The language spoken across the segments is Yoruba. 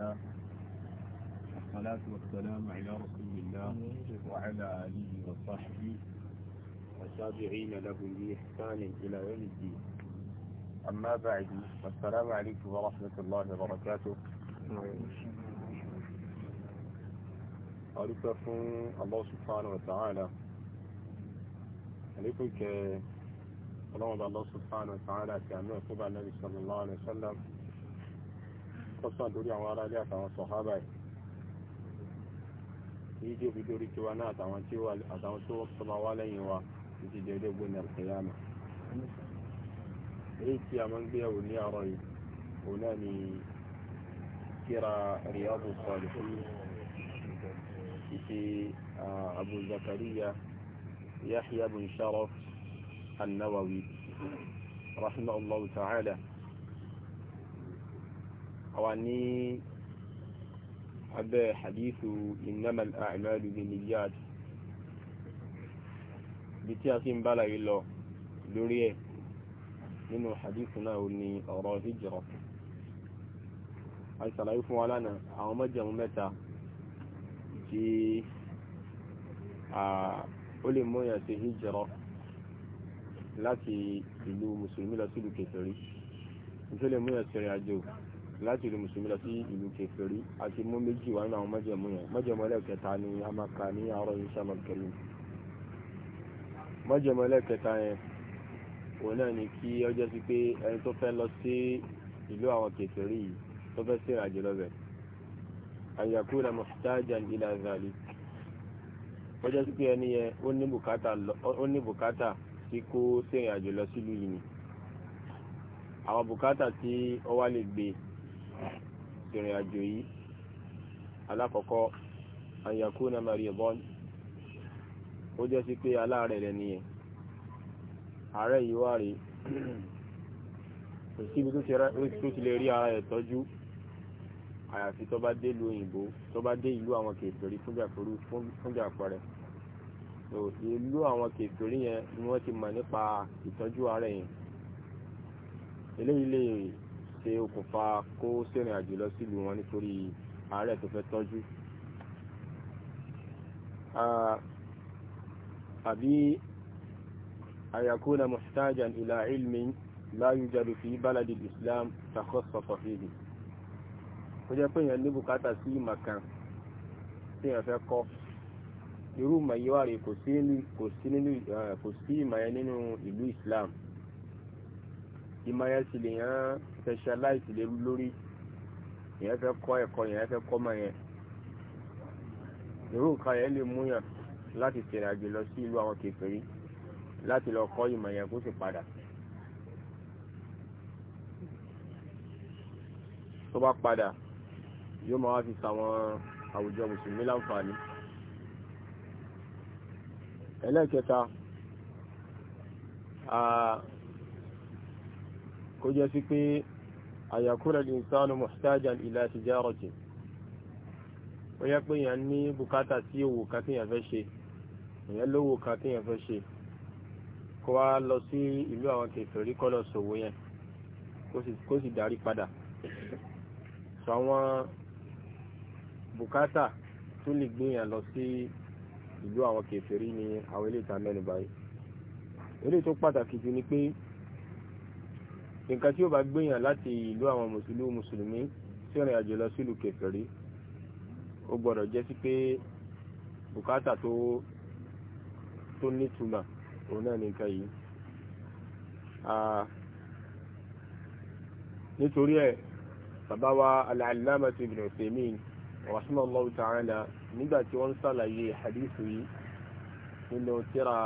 الله والصلاة والسلام على رسول الله وعلى آله وصحبه والتابعين له بإحسان إلى يوم الدين أما بعد السلام عليكم ورحمة الله وبركاته أريد الله سبحانه وتعالى عليكم ك الله سبحانه وتعالى كأمير طبع النبي صلى الله عليه وسلم kọ́sàn lórí àwọn aráalé àtàwọn sọ̀hábà ẹ̀ èyí tí ó fi dórí tiwa náà àtàwọn tí àtàwọn tó sọmọ wá lẹ́yìn wa títí di ọjọ́ gbẹ̀yìn àlùkìyàmà èyí tí a máa ń gbé ẹ̀wò ní àárọ̀ yìí òun náà ni kíra Riyadu Salihin títí Abu Zakariya Yahya bin Sharaf an-Nawawi rahimahullahu ta'ala àwa ní abẹ́ hadithu innamal a'malu binniyat bí tí a fi ń bára yìí lọ lórí ẹ̀ nínú hadithu náà ni ọ̀rọ̀ hijra a ṣàlàyé fún wa lánàá àwọn májẹ̀mú mẹ́ta tí ó lè mú èèyàn ṣe láti ìlú mùsùlùmí lọ sílùú kèfèrí tó lè mú àjò láti ìlú mùsùlùmí lọ sí ìlú kèfèrí àti mú méjì wà nínú àwọn májẹ̀mú yẹn májẹ̀mú ẹlẹ́kẹta ni a máa ka ní àárọ̀ ìṣàlọ̀ kẹrin májẹ̀mú ẹlẹ́kẹta yẹn òun náà ni kí ó jẹ́ sí pé ẹni tó fẹ́ lọ sí ìlú àwọn kèfèrí yìí tó fẹ́ sí ìrìnàjò lọ́bẹ̀ àyàkú la mọ̀fútájà ìlà zàlì ó jẹ́ sí pé ẹni yẹn ó ní bùkátà tí kó sí ìrìnàjò lọ sílùú yìí àwọn bùkátà tí ó wá lè gbé ìrìn àjò yìí alákọ̀ọ́kọ́ ayakuna maribon ó jẹ́ sí pé aláàrẹ̀ rẹ̀ nìyẹn ààrẹ yìí wà rí kò síbi tó ti lè rí ara ẹ̀ tọ́jú àyàfi tó bá dé ìlú òyìnbó tó bá dé ìlú àwọn kèfèrí fúnjà pẹ̀rẹ̀ ìlú àwọn kèfèrí yẹn ni wọ́n ti mọ̀ nípa ìtọ́jú ara yẹn eléyìí lè ṣe okùnfà kó sẹ́rìn àjò lọ sílùú wọn nítorí ààrẹ tó fẹ́ tọ́jú àbí àyàkúnà muhtajan ila ilmin la yujadu fi baladi islam takhassasa fihi kó jẹ́ pé èèyàn ní bùkátà sí ìmọ̀ kan tí èèyàn fẹ́ kọ́ irú ìmọ̀ yìí kò sí ìmọ̀ yẹn nínú ìlú islam ìmọ̀ yẹn sì lè yàn specialize lé lórí ìyẹn fẹ́ kọ́ ẹ̀kọ́ yẹn fẹ́ kọ́ mọ̀ yẹn irú nǹkan yẹn lè mú yàn láti tẹ̀rẹ̀ àjò lọ sí ìlú àwọn kèfèrí láti lọ kọ́ ìmọ̀ yẹn kó sì padà tó bá padà yóò máa wá fi sàwọn àwùjọ mùsùlùmí láǹfààní ẹlẹ́ẹ̀kẹta kó jẹ́ sí pé àyàkúrẹ̀ ìsánù mọ̀sítájà ìlà tìjárọ̀tì ó yẹ pé èèyàn ní bùkátà sí òwò kan tí èèyàn fẹ́ ṣe èèyàn lówó kan tí èèyàn fẹ́ ṣe kó wá lọ sí ìlú àwọn kèfèrí kó lọ ṣòwò yẹn kó sì darí padà sọ àwọn bùkátà tó lè gbé lọ sí ìlú àwọn kèfèrí ni àwọn eléta mẹ́nu báyìí eléyìí tó pàtàkì jù ni pé nǹkan tí ó bá gbéyàn láti ìlú àwọn mùsùlùmí mùsùlùmí tí ó rìn àjò lọ sílùú kèfèrí ó gbọ́dọ̀ jẹ́ sí pé bùkátà tó tó nítumà òun náà nìkan yìí nítorí ẹ̀ bàbá wa al-Allama Ibn Uthaymeen rahimahullahu ta'ala nígbà tí wọ́n sàlàyé hadithu yìí nínú tírà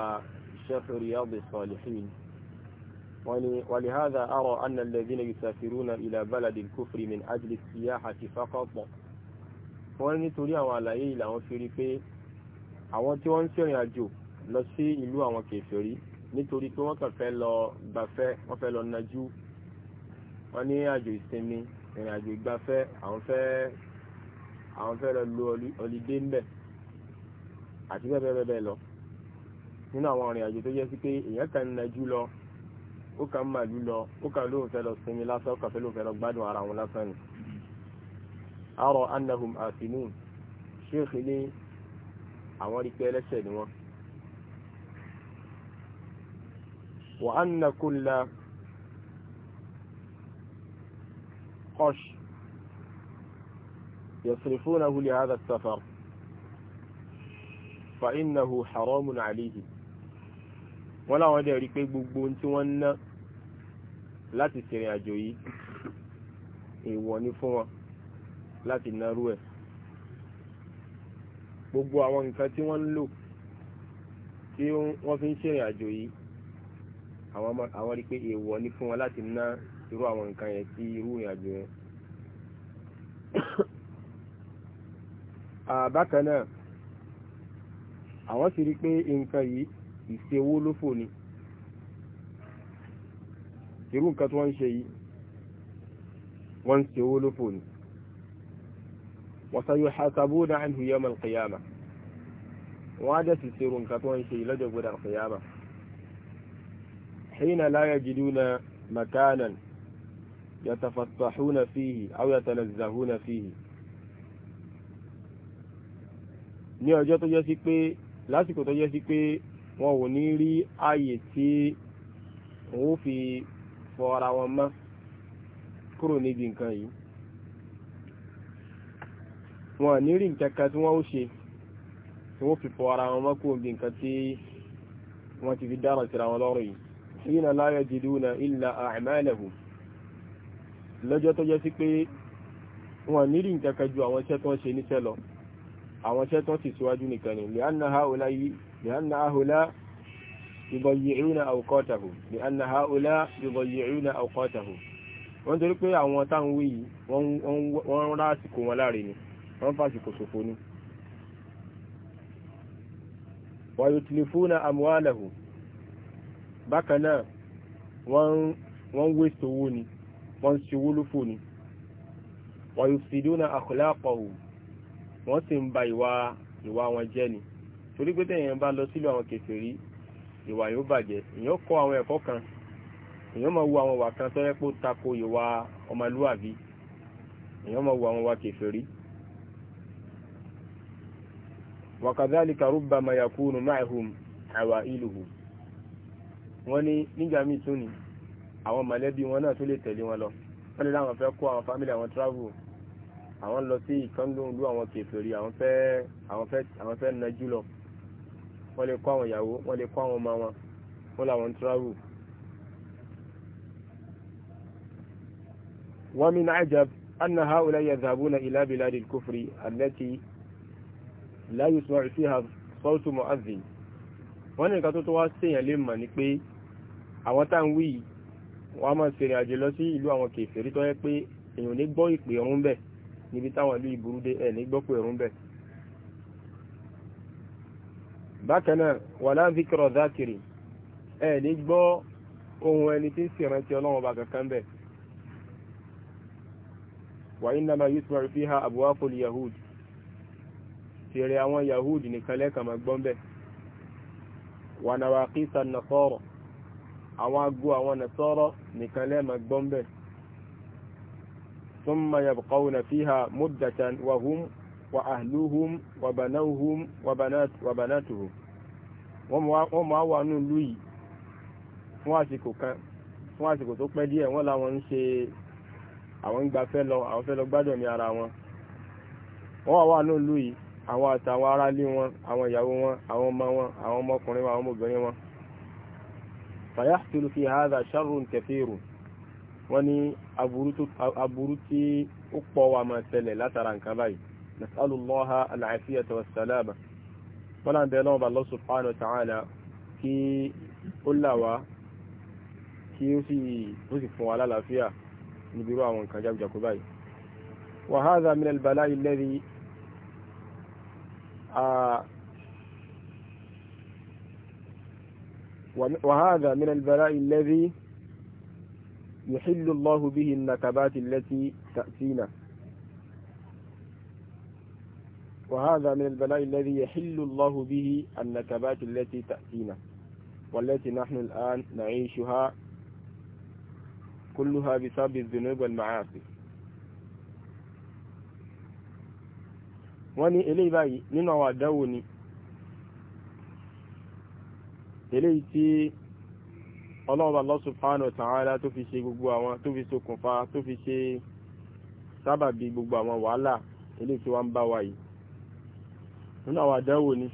Sharh Riyadh as-Salihin ولهذا أرى أن الذين يسافرون إلى بلد الكفر من أجل السياحة فقط wọ́n nítorí àwọn àlàyé yìí làwọn fi rí pé àwọn tí wọ́n ń ṣèrìn àjò lọ sí ìlú àwọn kèfèrí nítorí pé wọ́n kàn fẹ́ lọ gbafẹ́ wọ́n fẹ́ lọ najú wọ́n ní àjò ìsinmi ìrìn àjò ìgbafẹ́ àwọn fẹ́ lọ lo ọlídé ńbẹ̀ àti bẹ́ẹ̀ bẹ́ẹ̀ bẹ́ẹ̀ lọ nínú àwọn ìrìn àjò tó jẹ́ sí pé èèyàn kan najú lọ ó kàn máa lù lọ ó kàn lóun fẹ́ lọ sinmi lásán ó kàn fẹ́ lóun fẹ́ lọ gbádùn ara wọn lásán ni. arọ anahum asinun ṣéèkì ní àwọn rí pé ẹlẹ́ṣẹ̀ ni wọ́n. wa anna kulla qash yasrifunahu li hadha as-safar fa innahu haramun alayhi wọ́n láwọn dẹ̀ rí pé gbogbo ohun tí wọ́n ná láti ṣèrìn àjò yìí èèwọ̀ ni fún wọn láti narú ẹ̀ gbogbo àwọn nǹkan tí wọ́n ń lò tí wọ́n fi ń ṣèrìn àjò yìí àwọn rí pé èèwọ̀ ni fún wọn láti ná irú àwọn nǹkan yẹn sí irú ìrìn àjò yẹn bákan náà àwọn sì rí pé nǹkan yìí ìṣe owó lófò ni irú nǹkan tí wọ́n ń ṣe yìí wọ́n ń ṣe owó lófò ni wasayuhasabuna anhu yawm al-qiyamah wọ́n á dẹ̀ sì ṣe irú nǹkan tí wọ́n ń ṣe yìí lọ́jọ́ gbọdọ̀ al-qiyamah hina la yajiduna makanan yatafattahuna fihi aw yatanazzahuna fihi ní ọjọ́ tó jẹ́ sí pé lásìkò tó jẹ́ sí pé wọn ò ní rí ààyè tí wọn ó fi fọ ara wọn mọ́ kúrò níbi nǹkan yìí wọn ò ní rí nǹkan kan tí wọn ó ṣe tí wọn fi fọ ara wọn mọ́ kúrò níbi nǹkan tí wọn ti fi dára síra wọn lọ́rọ̀ yìí hina la yajiduna illa a'malahum lọ́jọ́ tó jẹ́ sí pé wọn ní rí nǹkan ju àwọn iṣẹ́ tó ń ṣe níṣẹ́ lọ àwọn iṣẹ́ tó ń sì síwájú nìkan ni lè لأن هؤلاء يضيعون أوقاتهم لأن هؤلاء يضيعون أوقاتهم wọ́n torí pé àwọn táwọn wí yìí wọ́n rá àsìkò wọn láre ni wọ́n fàṣìkò ṣòfò ni wa yutlifuna amwalahum bákan náà wọ́n wéṣe owó ni wọ́n ṣe owó lófò ni wa yufsiduna akhlaqahum wọ́n sì ń ba ìwà wọn jẹ́ ni torí pé tẹ̀yìn bá lọ sílùú àwọn kèfèrí ìwà yóò bàjẹ́ èèyàn kọ́ àwọn ẹ̀kọ́ kan èèyàn máa wo àwọn ìwà kan tó yẹ kó tako ìwà ọmọlúwàbí èèyàn máa wo àwọn ìwà kèfèrí wakadhalika rubbama yakunu ma'ahum awailuhum wọ́n ní nígbà míì tún ni àwọn mọ̀lẹ́bí wọn náà tó lè tẹ̀lé wọn lọ wọ́n lè láwọn fẹ́ kó àwọn fámílì àwọn travel àwọn lọ sí ìkánlóhùn lú àwọn kèfèrí àwọn fẹ́ àwọn fẹ́ àwọn fẹ́ nájú lọ wọ́n lè kọ́ àwọn ìyàwó wọ́n lè kọ́ àwọn ọmọ wọn wọ́n làwọn ń travel. wọ́n mi náà ajab anna haula yadhabuna ila biladi al-kufri allati la yusma'u fiha sawtu mu'adhdhin wọ́n ní nǹkan tó tó wá séèyàn lè mọ̀ ni pé àwọn tá à ń wí yìí wọ́n á máa ṣèrìn àjò lọ sí ìlú àwọn kèfèrí tó yẹ pé èèyàn ní gbọ́ ìpè ọ̀run bẹ̀ níbi táwọn ìlú ìburú ẹ̀ ní gbọ́ pè ọ̀run bẹ̀ bákan náà wala zikra zakiri ẹ̀ ní gbọ́ ohun ẹni tí ń sì rántí ọlọ́run ọba kankan bẹ̀ wa innama yusma'u fiha abwaqul yahud tèrè àwọn yahud nìkan lẹ́kàn máa gbọ́n bẹ̀ wa nawaqita nasara àwọn agbó àwọn nasara nìkan lẹ́ máa gbọ́n bẹ̀ thumma yabqawna fiha muddatan wa hum wa ahluhum wa banahum wa banatuhum wọ́n ma wà ní ìlú yìí fún àsìkò kan fún àsìkò tó pẹ́ díẹ̀ wọ́n láwọn ń ṣe àwọn ń gba fẹ́ lọ àwọn fẹ́ lọ gbádùn mi ara wọn wọ́n wà ní ìlú yìí àwọn àtàwọn aráalé wọn àwọn ìyàwó wọn àwọn ọmọ wọn àwọn ọmọkùnrin wọn àwọn ọmọbìnrin wọn fayahsulu fi hadha sharrun kathirun wọ́n ní aburú tí ó pọ̀ wà máa ṣẹlẹ̀ látara nǹkan báyìí نسأل الله العافية والسلامة ولا عند ينوب الله سبحانه وتعالى كي قل في يسي يسف على العافية نبيروها من كجاب جاكوباي وهذا من البلاء الذي وهذا من البلاء الذي يحل الله به النكبات التي تأتينا وهذا من البلاء الذي يحل الله به النكبات التي تأتينا والتي نحن الآن نعيشها كلها بسبب الذنوب والمعاصي wọ́n ní eléyìí báyìí nínú àwọn àdáwò ni eléyìí tí ọlọ́ọ̀bà Allah subhanahu wa ta'ala tó fi ṣe gbogbo àwọn tó fi ṣokùnfà tó fi ṣe sábàbí gbogbo àwọn wàhálà eléyìí tí wọ́n ń bá wa nínú àwọn àdánwò ni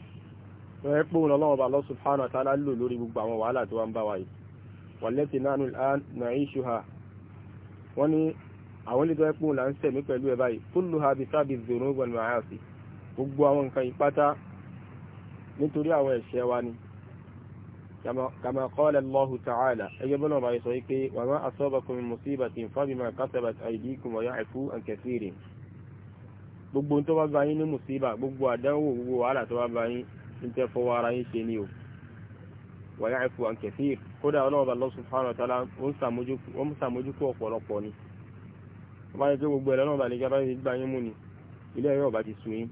ẹ pé òun ọlọ́wọ́ bá Allah subhanahu wa ta'ala lò lórí gbogbo àwọn wàhálà tó wá ń bá wa yìí wallati nahnu al-an na'ishuha wọ́n ní àwọn ilé tó ẹ pé òun là ń sẹ̀mí pẹ̀lú ẹ báyìí kulluha bisabi dhunub wal ma'asi gbogbo àwọn nǹkan yìí pátá nítorí àwọn ẹ̀ṣẹ̀ wa ni kama qala Allahu ta'ala ẹgbẹ́ bọ́nà ọba yìí sọ wípé wa ma asabakum min musibatin fa bima kasabat aydikum wa ya'fu an kathirin gbogbo tó bá bá yín ní mùsíbà gbogbo àdánwò gbogbo wàhálà tó bá bá yín ń tẹ́ fọwọ́ ara yín ṣe ni o wa ya'fu an kathir kódà ọlọ́ọ̀bà Allah subhanahu wa ta'ala ó ń sàmójúkú ọ̀pọ̀lọpọ̀ ni wọ́n bá yẹ pé gbogbo ẹ̀rọ bá lè gbá bá gbá yín mú ni ilé ẹ̀rọ bá ti sun yín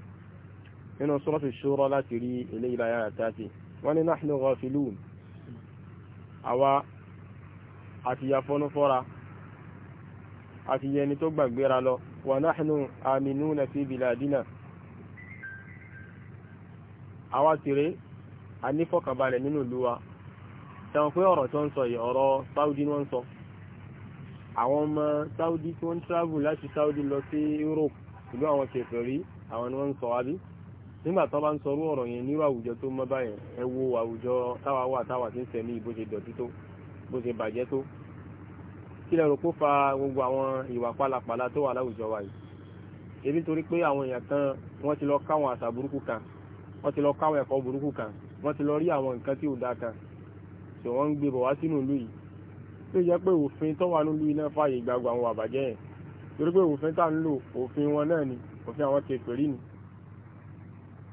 nínú suratu shura láti rí ilé ìlà yàrá tààtì wọ́n ní nahnu ghafilun àwa àti yafọ́nú fọ́ra àti yẹni tó gbàgbéra lọ ونحن آمنون في بلادنا àwátìrí a ní fọ́kànbalẹ̀ nínú ìlú wa tẹ́wọ̀n pé ọ̀rọ̀ tó ń sọ ọ̀rọ̀ Saudi wọ́n sọ àwọn ọmọ Saudi tí wọ́n travel láti Saudi lọ sí Europe ìlú àwọn kèfèrí àwọn ni wọ́n sọ wá bí nígbà tó bá ń sọ ọ̀rọ̀ yẹn nírú àwùjọ tó mọ́ báyẹn ẹ wo àwùjọ kí lẹ rò kó fa gbogbo àwọn ìwà pálapàla tó wà láwùjọ wa yìí ebi torí pé àwọn èèyàn kan wọ́n ti lọ káwọn àṣà burúkú kan wọ́n ti lọ káwọn ẹ̀kọ́ burúkú kan wọ́n ti lọ rí àwọn nǹkan tí ò dáa kan tí wọ́n ń gbé bọ̀ wá sínú ìlú yìí tó jẹ́ pé òfin tó wà nílùú iná fààyè gbàgbọ́ àwọn àbàjẹ́ yẹn torí pé òfin tá ń lò òfin wọn náà ni òfin àwọn kèfèrí ni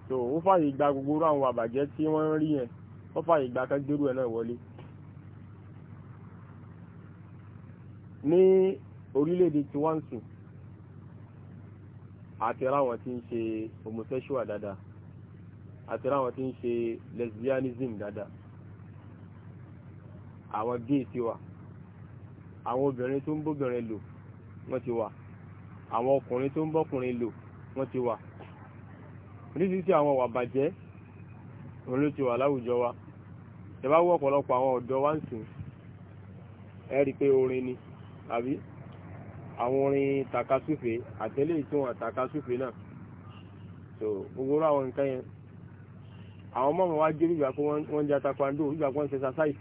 so ó fààyè gba gbogbo àwọn àbàjẹ́ tí wọ́n ń rí yẹn ó fààyè gba kan gbérú ẹ̀ náà wọlé ní orílẹ̀-èdè tí wọ́n ń sùn àti ráwọn tí ń ṣe homosexual dáadáa àti tí ń ṣe lesbianism dada, àwọn gay ti wà àwọn obìnrin tó ń bóbìnrin lò wọ́n ti wà àwọn ọkùnrin tó ń bọ́kùnrin lò wọ́n ti wà oríṣiríṣi àwọn wà bàjẹ́ òun ló ti wà láwùjọ wa ẹ bá wò ọ̀pọ̀lọpọ̀ àwọn ọ̀dọ́ wa ń sìn ẹ rí pé orin ni àbí àwọn orin takasúfe àtẹ́lẹ̀ tí wọ́n takasúfe náà so gbogbo àwọn nǹkan yẹn àwọn mọ́mọ́ wá jẹ́ ìgbà pé wọ́n jẹ́ takwando ìgbà pé wọ́n ṣe sasáì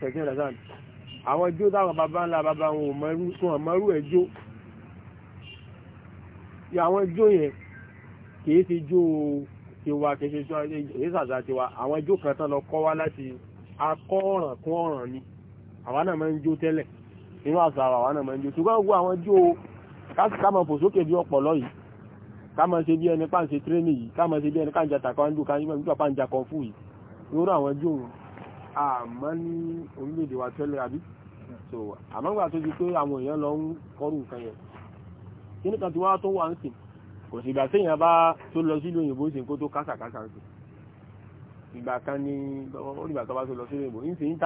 tẹ̀sí ìrẹsàn àwọn ijó táwọn bàbá ńlá bàbá wọn ò mọ́rú ẹjó àwọn ijó yẹn kìí ti jó tiwa kìí ṣe jó àwọn ijó kan tán lọ kọ́ wá láti akọ́ ọ̀ràn kún ọ̀ràn ni àwa náà máa ń jó tẹ́lẹ̀ nínú àṣà àwa náà máa ń jó ṣùgbọ́n gbogbo àwọn jó ká máa fò sókè bí ọpọlọ yìí ká máa ṣe bí ẹni pa ń ṣe tírénì yìí ká máa ṣe bí ẹni ká ń ja tàkàndù ká ń gbà pa ń ja kan fún yìí lórí àwọn jó àmọ́ ní orílẹ̀-èdè wa tẹ́lẹ̀ àbí so àmọ́ gbà tó di pé àwọn èèyàn lọ ń kọrù nǹkan yẹn kí nìkan tí wá tó wà ń sìn kò sì ìgbà téèyàn bá tó lọ sílùú òyìnbó sìn kó tó kásàkásà ní onígbà tó bá tó wà ń sìn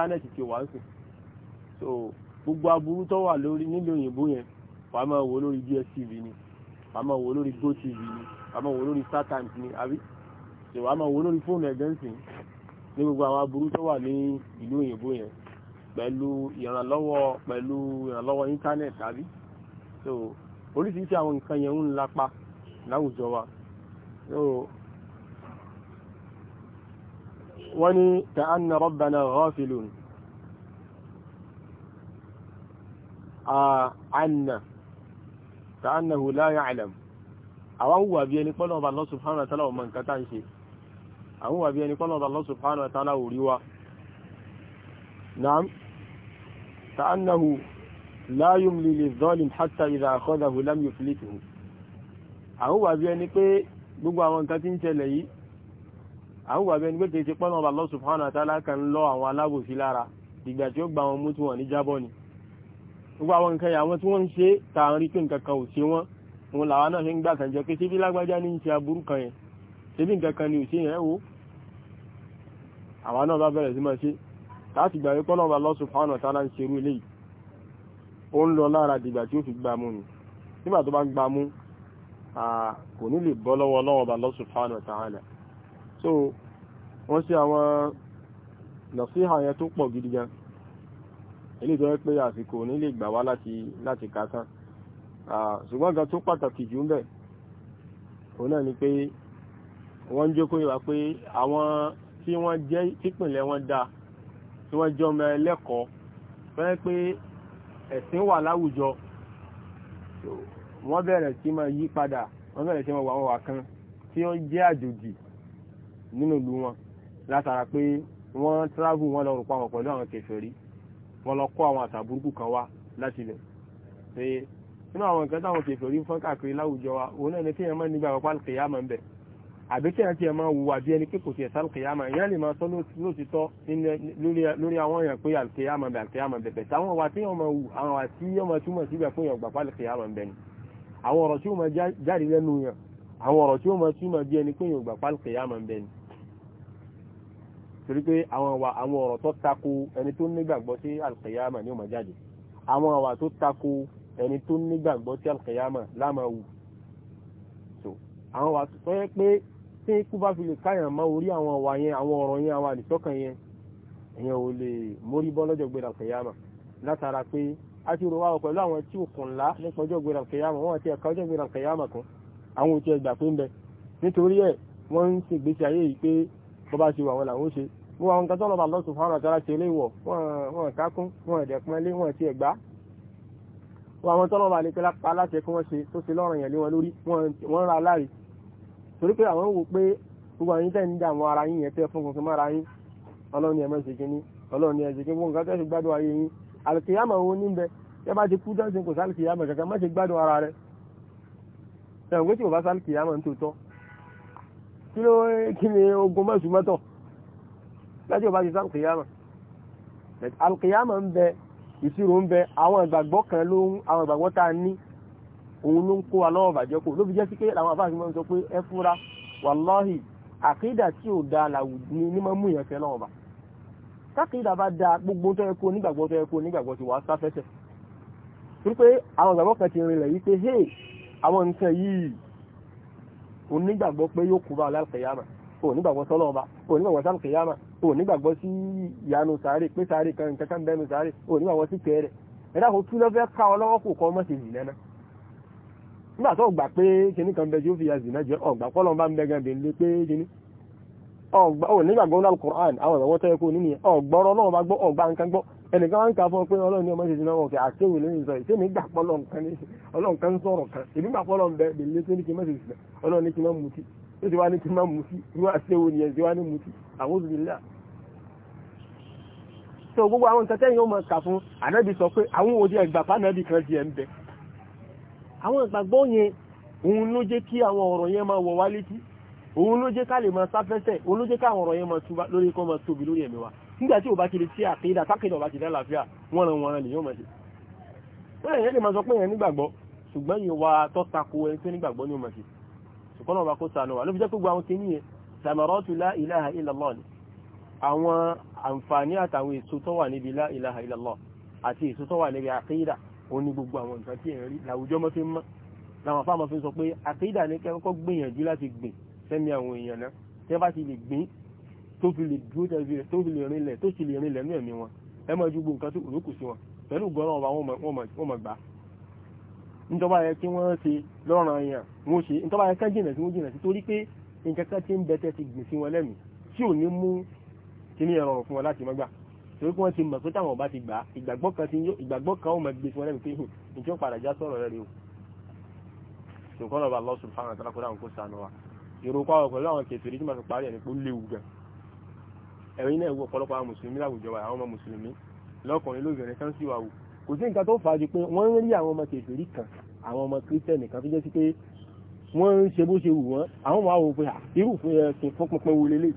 so gbogbo aburú tó wà lórí nílùú òyìnbó yẹn wà á máa wò lórí DSTV ni wà á máa wò lórí GoTV ni wà á máa wò lórí StarTimes ni àbí so wà á máa wò lórí fóònù ẹ̀gẹ́nsì ní gbogbo àwọn aburú tó wà ní ìlú òyìnbó yẹn pẹ̀lú ìrànlọ́wọ́ pẹ̀lú ìrànlọ́wọ́ íńtánẹ̀tì àbí so oríṣiríṣi àwọn nǹkan yẹn ń lapa láwùjọ wa so wọ́n ní ta'anna rabbana ghafilun anna ka annahu la ya'lam àwọn wùwà bí ẹni pọ́lọ̀ ọba Allah subhanahu wa ta'ala ọmọ nǹkan tá ń ṣe àwọn wùwà bí ẹni pọ́lọ̀ ọba Allah subhanahu wa ta'ala ò rí wa na'am ka annahu la yumli lidh-dhalim hatta idha akhadhahu lam yuflithu àwọn àwọn nǹkan bí ẹni pé gbogbo àwọn nǹkan àwọn tí wọ́n ń ṣe tàà ń rí pé nǹkan kan ò ṣe wọ́n òun làwọn náà fi ń gbà kànjọ pé ṣébí lágbájá ní ṣe aburú kan yẹn ṣébí nǹkan kan ni ò ṣe yẹn wo àwọn náà bá bẹ̀rẹ̀ sí máa ṣe láti gbà wípé ọlọ́run Allah subhanahu wa ta'ala ń ṣerú eléyìí ó ń lọ lára dìgbà tí ó fi gbàmú ni nígbà tó bá gbàmú kò ní lè bọ́ lọ́wọ́ ọlọ́run Allah subhanahu wa ta'ala so wọ́n ṣe àwọn nàṣíhà yẹn tó pọ̀ gidi gan-an ilé tó yẹ pé àsìkò ní lè wá láti láti ka ṣùgbọ́n nǹkan tó pàtàkì jù ń bẹ̀ òun náà ni pé wọ́n ń jókòó ìwà pé àwọn tí wọ́n jẹ́ típìnlẹ̀ wọn dáa tí wọ́n jọ ọmọ ẹlẹ́kọ̀ọ́ fẹ́ pé ẹ̀sìn wà láwùjọ wọ́n bẹ̀rẹ̀ sí máa yí padà wọ́n bẹ̀rẹ̀ sí máa wà wà kan tí wọ́n jẹ́ àjòjì nínú ìlú wọn látara pé wọ́n travel wọn lọ rò papọ̀ pẹ̀lú àwọn kèfèrí wọ́n lọ kọ́ àwọn àtàbùrúkú kan wá láti ilẹ̀ pé nínú àwọn nǹkan táwọn kèfè orí fọ́n káàkiri láwùjọ wa òun náà ni kí ẹ máa nígbà wọ́pá kìyàmà ń bẹ̀ àbí kí ẹ ti ẹ máa wùwà bí ẹni pé kò sí ẹ̀sà kìyàmà ìyá lè máa sọ lóòtítọ́ lórí àwọn èèyàn pé àlùkìyàmà bẹ̀ àlùkìyàmà bẹ̀ bẹ̀ táwọn wà tí wọ́n máa wù àwọn wà tí wọ́n máa túmọ̀ síbẹ̀ fún èèyàn gbàpá kìyàmà ń bẹ̀ ni àwọn ọ̀rọ̀ tí ó máa jáde lẹ́nu yàn àwọn ọ̀rọ̀ tí ó máa túmọ̀ bí ẹni pé èèyàn gbàpá kìyàmà ń bẹ̀ ni torí pé àwọn àwọn ọ̀rọ̀ tó tako ẹni tó nígbàgbọ́ sí alkiyama ni ó máa jáde àwọn àwà tó tako ẹni tó nígbàgbọ́ sí alkiyama láàmà wù so àwọn àwà tó yẹ pé tí ikú bá fi lè káyàn mọ́ orí àwọn àwà yẹn àwọn ọ̀rọ̀ yẹn àwọn àdìsọ́kàn yẹn èèyàn ò lè mórí bọ́ lọ́jọ́ gbé alkiyama látara pé a ti rò wá pẹ̀lú àwọn tí ò kùn lá nípa ọjọ́ gbé alkiyama wọ́n ti ẹ̀ka ọjọ́ gbé alkiyama kan àwọn ò ti ẹgbà pé ń bẹ nítorí ẹ̀ wọ́n ń gbogbo àwọn nǹkan tọ́lọ́ba Allah subhanahu wa ta'ala ṣe léwọ̀ wọn kákún wọn ẹ̀dẹ̀pẹ́lé wọn ti ẹ̀gbá wọn àwọn tọ́lọ́ba ní pẹ́lá pa aláṣẹ fún wọn ṣe tó ṣe lọ́rọ̀ yẹn lé wọn lórí wọn ra láre torí pé àwọn wò pé gbogbo àwọn yín tẹ́ ń dà àwọn ara yín yẹn tẹ́ fún funfun mára yín ọlọ́run yẹn mẹ́sì kínní ọlọ́run yẹn ṣèké fún nǹkan tẹ́ fi gbádùn ayé yín àlùkìyàmọ̀ wo ní bẹ tẹ́ bá ti kú tẹ́sí kò sálùkìyàmọ̀ kankan má ṣe gbádùn ara rẹ ẹ̀wọ̀n pé tí kò bá sálùkìyàmọ̀ ń tòótọ́ kí ló kí ni ogun mẹ́sùn lọ́jọ́ bá ti sá alkiyama alkiyama ń bẹ ìṣirò ń bẹ àwọn ìgbàgbọ́ kan ló ń àwọn ìgbàgbọ́ tá a ní òun ló ń kó wa lọ́wọ́ bàjẹ́ kò ló fi jẹ́ sí pé àwọn àbáṣe máa sọ pé ẹ fúra wàláhì àkídà tí ò da làwùjọ ni máa ń mú ìyẹn fẹ́ lọ́wọ́ bá kákìdà bá da gbogbo tó yẹ kó nígbàgbọ́ tó yẹ kó nígbàgbọ́ ti wà sáfẹ́sẹ̀ torí pé àwọn ìgbàgbọ́ kan ti rinlẹ̀ yìí pé hey àwọn nǹkan yìí onígbàgbọ́ pé yóò kú bá onígbàgbọ́ sọ́lọ́ọ̀ba onígbàgbọ́ sálùkẹyàmà o nígbàgbọ́ sí ìyanu sáré pé sáré kan kankan bẹnu sáré o nígbàgbọ́ sí kẹrẹ ẹ̀dá kò tún lọ́fẹ́ ká ọ lọ́wọ́ kò kọ́ mọ́ sí zìnà náà nígbà tó gbà pé kíní kan bẹ tí ó fi ya zìnà jẹ ọgbà kọ́lọ̀ bá ń bẹ gan bèèlè pé kíní ọgbà ò nígbàgbọ́ ní alukur'an àwọn ìrọ̀wọ́ tẹ́yẹ kó nínú yẹn ọgbọ́rọ̀ náà bá gbọ́ ọgbà nǹkan gbọ́ ẹnìkan wá ń ka fún ọ pé ọlọ́run kan ìbí gbà pọ́lọ́ ń bẹ bèèlè tó ní kí n má ó ti wá ní kí má mutí irú àṣẹwò nìyẹn ti wá ní mutí àwọn òbílẹ̀ so gbogbo àwọn nǹkan tẹ́yìn ó mọ̀ kà fún ànábì sọ pé àwọn òde ẹ̀gbà fánàbì kan ti ẹ̀ ń bẹ àwọn ìgbàgbọ́ yẹn òun ló jẹ́ kí àwọn ọ̀rọ̀ yẹn máa wọ̀ wá létí òun ló jẹ́ ká lè máa sáfẹ́sẹ̀ òun ló jẹ́ ká àwọn ọ̀rọ̀ yẹn máa túbá lórí kọ́ máa tóbi lórí ẹ̀mí wa nígbà tí ò bá kiri tí àkéèdà tákéèdà ọba ti dá làáfíà wọ́n ran wọn lè máa ṣe wọ́n lè máa sọ pé yẹn nígbàgbọ́ ṣùgbọ́n ìwà tọ́tako ẹni tó nígbàgbọ́ ni ó máa ṣe sùkọ́nà ọba kó sànù wà ló fi jẹ́ gbogbo àwọn kìíní yẹn samaratu la ilaha illallah ni àwọn àǹfààní àtàwọn èso tó wà níbi la ilaha illallah àti èso tó wà níbi àkídà ó ní gbogbo àwọn nǹkan tí ẹ̀rí làwùjọ mọ́ fi ń mọ́ làwọn fáwọn fi sọ pé àkídà ní kẹ́kọ́ gbìyànjú láti gbìn sẹ́mi àwọn èèyàn náà nítorí ayẹ kí wọ́n ṣe lọ́ràn èèyàn wọ́n ṣe nítorí ayẹ ká jìnà sí wọ́n jìnà sí torí pé nǹkan kan ti ń bẹ tẹ́sí gbìn sí wọn lẹ́mìí tí ò ní mú kíní ẹ̀rọ fún wọn láti mọ́gbà torí pé wọ́n ti mọ̀ pé táwọn ọba ti gbà ìgbàgbọ́ kan ti ìgbàgbọ́ kan ó mọ̀ gbé sí wọn lẹ́mìí pé hìn ìjọ padà já sọ̀rọ̀ rẹ̀ rí o ṣùgbọ́n ọba Allah subhanahu wa ta'ala kó dáhùn kó sànù wa ìròkọ àwọn pẹ̀lú àwọn kẹfìrí tí máa fi parí ẹ̀ ní pé ó léwu gan ẹ̀yin náà wọ ọ̀pọ̀lọpọ̀ àwọn mùsùlùmí láwùjọ wa àwọn ọmọ mùsùlùmí lọ́kùnrin lóbìnrin kan sì wà wù kò sí nǹkan tó fà á ju pé wọ́n ń rí àwọn ọmọ kèfèrí kan àwọn ọmọ kírísítẹ́nì kan tó jẹ́ sí pé wọ́n ń ṣe bó ṣe wù wọ́n àwọn wà wò pé irú fún ẹ̀sìn fún pinpin wo lélẹ̀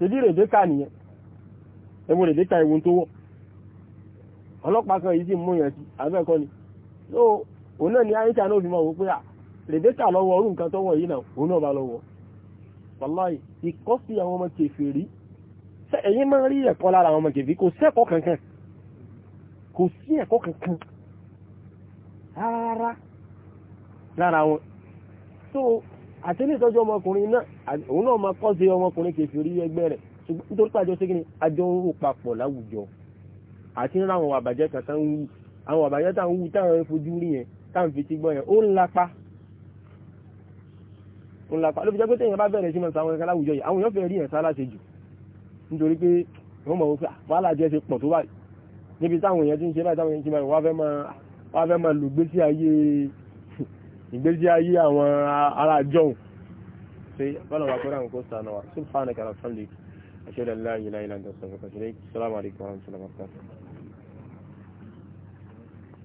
ṣèbí rèbékà nìyẹn ẹ̀wọ̀n rèbékà ìwò tó wọ̀ ọlọ́pàá kan yìí sì mú yẹn sí abẹ́ẹ̀kọ́ ni so òun náà ni ayíṣà náà fi mọ̀ wò pé rèbékà lọ́wọ́ orú nǹkan tó wọ̀ yìí náà òun náà bá lọ́wọ́ wàláì ìkọ́sí àwọn ọmọ kèfèrí ẹ̀yìn máa rí ẹ̀kọ́ lára àwọn ọmọ kèfèrí kò sẹ́kọ̀ọ́ kankan kò sí ẹ̀kọ́ kankan rárá lára wọn so àti ní ìtọ́jú ọmọkùnrin náà òun náà máa kọ́sí ọmọkùnrin kèfì orí ẹgbẹ́ rẹ̀ nítorí pàjọ sí kíni àjọ ń rò papọ̀ láwùjọ àti ń ráwọn àbàjẹ́ kankan ń wù àwọn àbàjẹ́ táwọn wù táwọn fojú rí yẹn táwọn fi ti gbọ́ yẹn ó ń lapa ó ń lapa ló fi jẹ́ pé téèyàn bá bẹ̀rẹ̀ sí mọ̀ sáwọn ẹ̀ka láwùjọ yìí àwọn èèyàn fẹ́ rí yẹn sá láṣejù nítorí pé wọ́n mọ̀ wọ́n pé wàhálà jẹ́ ṣe pọ̀ tó báyìí níbi táwọn èèyàn ti ń ṣe láì táwọn èèyàn ti máa wá fẹ́ máa lò gbésí ayé ìgbésí ayé àwọn ará jọun ṣe bọ́lọ̀wà kó ráhùn kó sànà wa subhanaka rabbil hamdik ashhadu an la ilaha illa anta